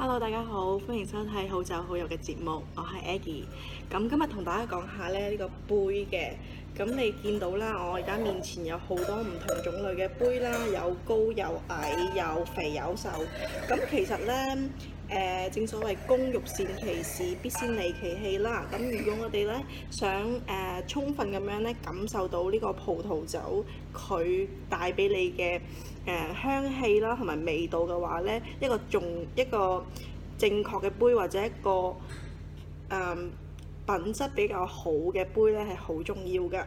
Hello，大家好，歡迎收睇《好酒好肉》嘅節目，我係 Aggie。咁今日同大家講下咧呢個杯嘅，咁你見到啦，我而家面前有好多唔同種類嘅杯啦，有高有矮，有肥有瘦，咁其實咧。誒、呃、正所謂工欲善其事，必先利其器啦。咁、啊、如果我哋咧想誒、呃、充分咁樣咧感受到呢個葡萄酒佢帶俾你嘅誒、呃、香氣啦，同埋味道嘅話咧，一個重一個正確嘅杯或者一個誒、呃、品質比較好嘅杯咧係好重要嘅。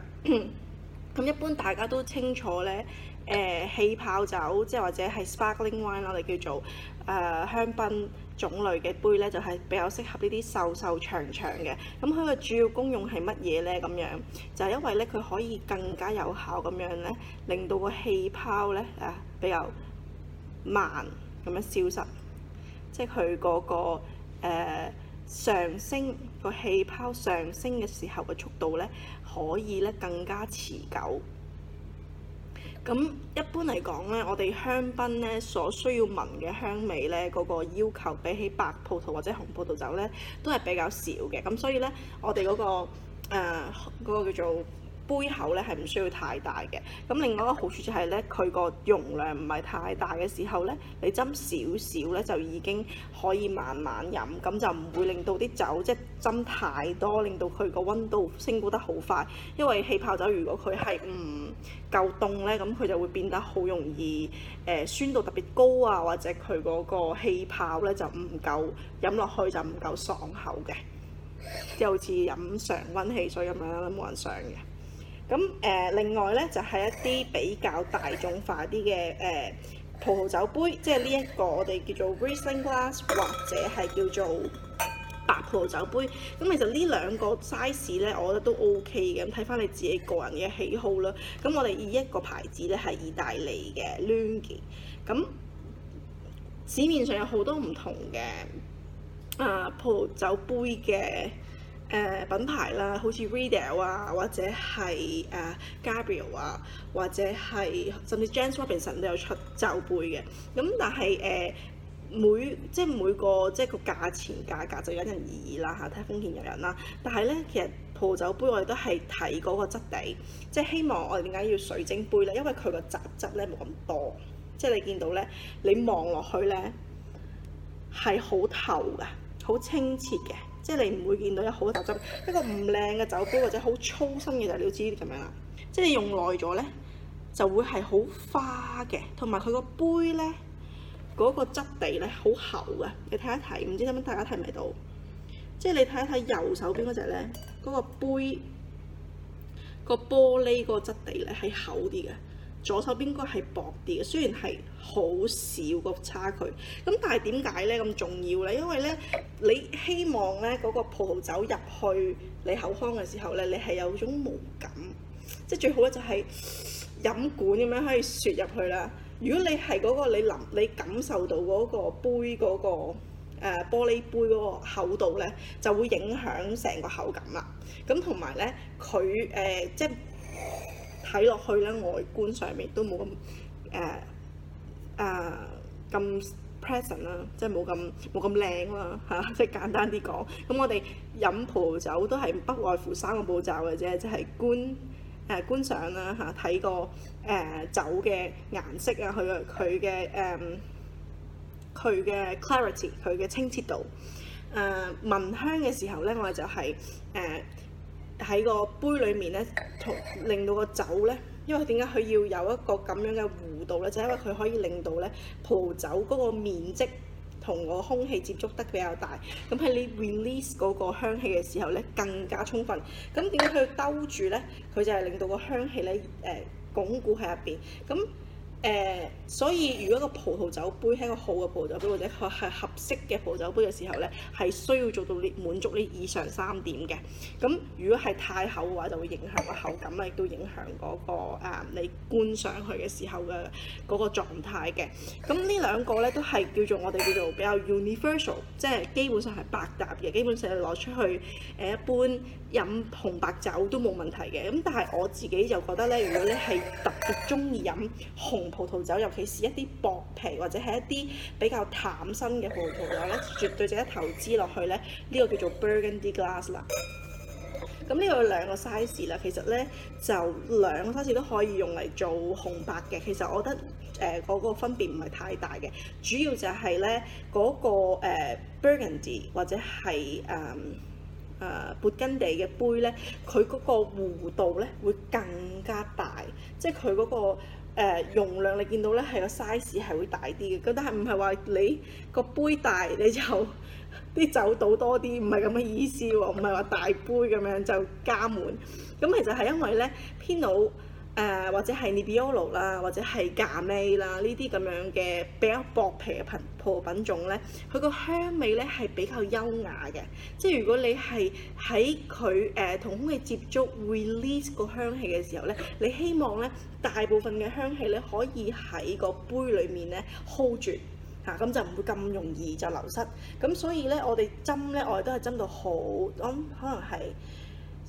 咁 一般大家都清楚咧，誒、呃、氣泡酒即係或者係 sparkling wine，我哋叫做誒、呃、香檳。種類嘅杯呢，就係比較適合呢啲瘦瘦長長嘅。咁佢嘅主要功用係乜嘢呢？咁樣就係、是、因為呢，佢可以更加有效咁樣呢，令到個氣泡呢啊比較慢咁樣消失，即係佢嗰個、呃、上升個氣泡上升嘅時候嘅速度呢，可以呢更加持久。咁一般嚟講咧，我哋香檳咧所需要聞嘅香味咧，嗰個要求比起白葡萄或者紅葡萄酒咧，都係比較少嘅。咁所以咧，我哋嗰個誒嗰個叫做。杯口咧係唔需要太大嘅，咁另外一個好處就係、是、咧，佢個容量唔係太大嘅時候咧，你斟少少咧就已經可以慢慢飲，咁就唔會令到啲酒即係斟、就是、太多，令到佢個温度升高得好快。因為氣泡酒如果佢係唔夠凍咧，咁佢就會變得好容易誒、呃、酸度特別高啊，或者佢嗰個氣泡咧就唔夠飲落去就唔夠爽口嘅，即係好似飲常温汽水咁樣都冇人想嘅。咁誒，另外咧就係一啲比較大眾化啲嘅誒葡萄酒杯，即係呢一個我哋叫做 Riesling glass 或者係叫做白葡萄酒杯。咁其實呢兩個 size 咧，我覺得都 OK 嘅，咁睇翻你自己個人嘅喜好啦。咁我哋以一個牌子咧係意大利嘅 Lungi。咁市面上有好多唔同嘅啊葡萄酒杯嘅。誒、呃、品牌啦，好似 Riedel 啊，或者係誒、呃、Gabriel 啊，或者係甚至 James Robinson 都有出酒杯嘅。咁、嗯、但係誒、呃、每即係每個即係個價錢價格就因人而異啦吓，睇下風險有人啦。但係咧，其實葡萄酒杯我哋都係睇嗰個質地，即係希望我哋點解要水晶杯咧？因為佢個雜質咧冇咁多，即係你見到咧，你望落去咧係好透嘅，好清澈嘅。即係你唔會見到有好多雜質，一個唔靚嘅酒杯或者好粗心嘅材料啲咁樣啦。即係你用耐咗咧，就會係好花嘅，同埋佢個杯咧，嗰個質地咧好厚呀。你睇一睇，唔知點解大家睇唔睇到？即係你睇一睇右手邊嗰隻咧，嗰個杯個玻璃嗰個質地咧係厚啲嘅。左手邊應該係薄啲嘅，雖然係好少個差距，咁但係點解咧咁重要咧？因為咧，你希望咧嗰個葡萄酒入去你口腔嘅時候咧，你係有種無感，即係最好咧就係飲管咁樣可以啜入去啦。如果你係嗰個你能你感受到嗰個杯嗰個、呃、玻璃杯嗰個厚度咧，就會影響成個口感啦。咁同埋咧，佢誒、呃、即係。睇落去咧，外觀上面都冇咁誒啊，咁 present 啦，即係冇咁冇咁靚啦嚇。即係簡單啲講，咁我哋飲葡萄酒都係不外乎三個步驟嘅啫，就係、是、觀誒、uh, 觀賞啦嚇，睇個誒酒嘅顏色啊，佢嘅佢嘅、uh, 誒佢嘅 clarity，佢嘅清澈度。誒、uh, 聞香嘅時候咧，我哋就係、是、誒。Uh, 喺個杯裏面咧，同令到個酒咧，因為點解佢要有一個咁樣嘅弧度咧？就係、是、因為佢可以令到咧葡萄酒嗰個面積同個空氣接觸得比較大，咁喺你 release 嗰個香氣嘅時候咧，更加充分。咁點解佢兜住咧？佢就係令到個香氣咧，誒、呃、鞏固喺入邊，咁誒。呃所以如果個葡萄酒杯係一個好嘅葡萄酒杯，或者佢係合適嘅葡萄酒杯嘅時候咧，係需要做到呢滿足呢以上三點嘅。咁如果係太厚嘅話就會影響個口感啦，亦都影響、嗰個誒、嗯、你觀上去嘅時候嘅個狀態嘅。咁呢兩個咧都係叫做我哋叫做比較 universal，即係基本上係百搭嘅，基本上攞出去誒一般飲紅白酒都冇問題嘅。咁但係我自己就覺得咧，如果你係特別中意飲紅葡萄酒入。你試一啲薄皮或者係一啲比較淡身嘅葡萄酒咧，絕對值得投資落去咧。呢、這個叫做 Burgundy glass 啦。咁呢個有兩個 size 啦，其實咧就兩個 size 都可以用嚟做紅白嘅。其實我覺得誒，我、呃那個分別唔係太大嘅，主要就係咧嗰個、呃、Burgundy 或者係誒誒勃艮地嘅杯咧，佢嗰個弧度咧會更加大，即係佢嗰個。誒、呃、容量你見到咧係個 size 係會大啲嘅，咁但係唔係話你個杯大你就啲酒倒多啲，唔係咁嘅意思喎，唔係話大杯咁樣就加滿，咁、嗯、其實係因為咧 Pinot 誒或者係 Nebbiolo 啦，或者係 Gamay 啦，呢啲咁樣嘅比較薄皮嘅品葡萄品種咧，佢個香味呢係比較優雅嘅。即係如果你係喺佢誒同空氣接觸 release 個香氣嘅時候呢，你希望呢大部分嘅香氣咧可以喺個杯裡面呢 hold 住嚇，咁、啊、就唔會咁容易就流失。咁、啊、所以呢，我哋斟呢，我哋都係斟到好，咁、嗯、可能係。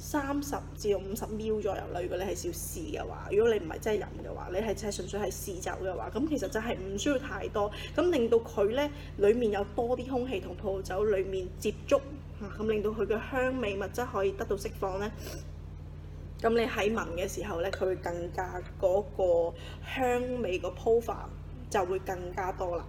三十至五十秒左右，如果你係少試嘅話，如果你唔係真係飲嘅話，你係真係純粹係試酒嘅話，咁其實就係唔需要太多，咁令到佢咧裡面有多啲空氣同葡萄酒裡面接觸，嚇咁令到佢嘅香味物質可以得到釋放咧，咁你喺聞嘅時候咧，佢會更加嗰個香味個 profile。就會更加多啦。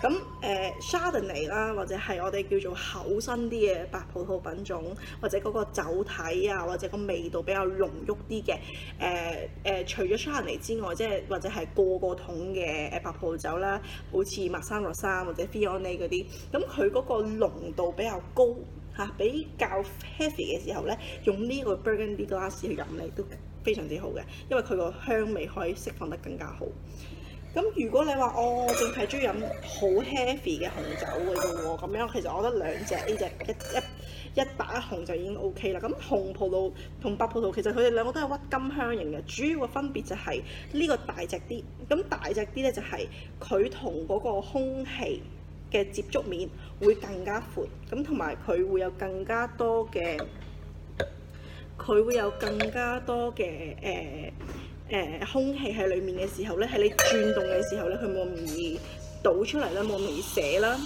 咁 s 誒，Chardonnay 啦，或者係我哋叫做厚身啲嘅白葡萄品種，或者嗰個酒體啊，或者個味道比較濃郁啲嘅誒誒，除咗 Chardonnay 之外，即係或者係個個桶嘅誒白葡萄酒啦，好似 Marsanne Roussanne 或者 Viognier 嗰啲，咁佢嗰個濃度比較高嚇、啊，比較 heavy 嘅時候咧，用呢個 Burgundy glass 去飲你都非常之好嘅，因為佢個香味可以釋放得更加好。咁如果你話、哦、我淨係中意飲好 heavy 嘅紅酒嘅啫喎，咁樣其實我覺得兩隻呢隻一一一白一紅就已經 OK 啦。咁、嗯、紅葡萄同白葡萄其實佢哋兩個都係鬱金香型嘅，主要嘅分別就係呢個大隻啲。咁、嗯、大隻啲咧就係佢同嗰個空氣嘅接觸面會更加闊，咁同埋佢會有更加多嘅，佢會有更加多嘅誒。呃誒、呃、空氣喺裡面嘅時候咧，喺你轉動嘅時候咧，佢冇咁易倒出嚟啦，冇咁易瀉啦。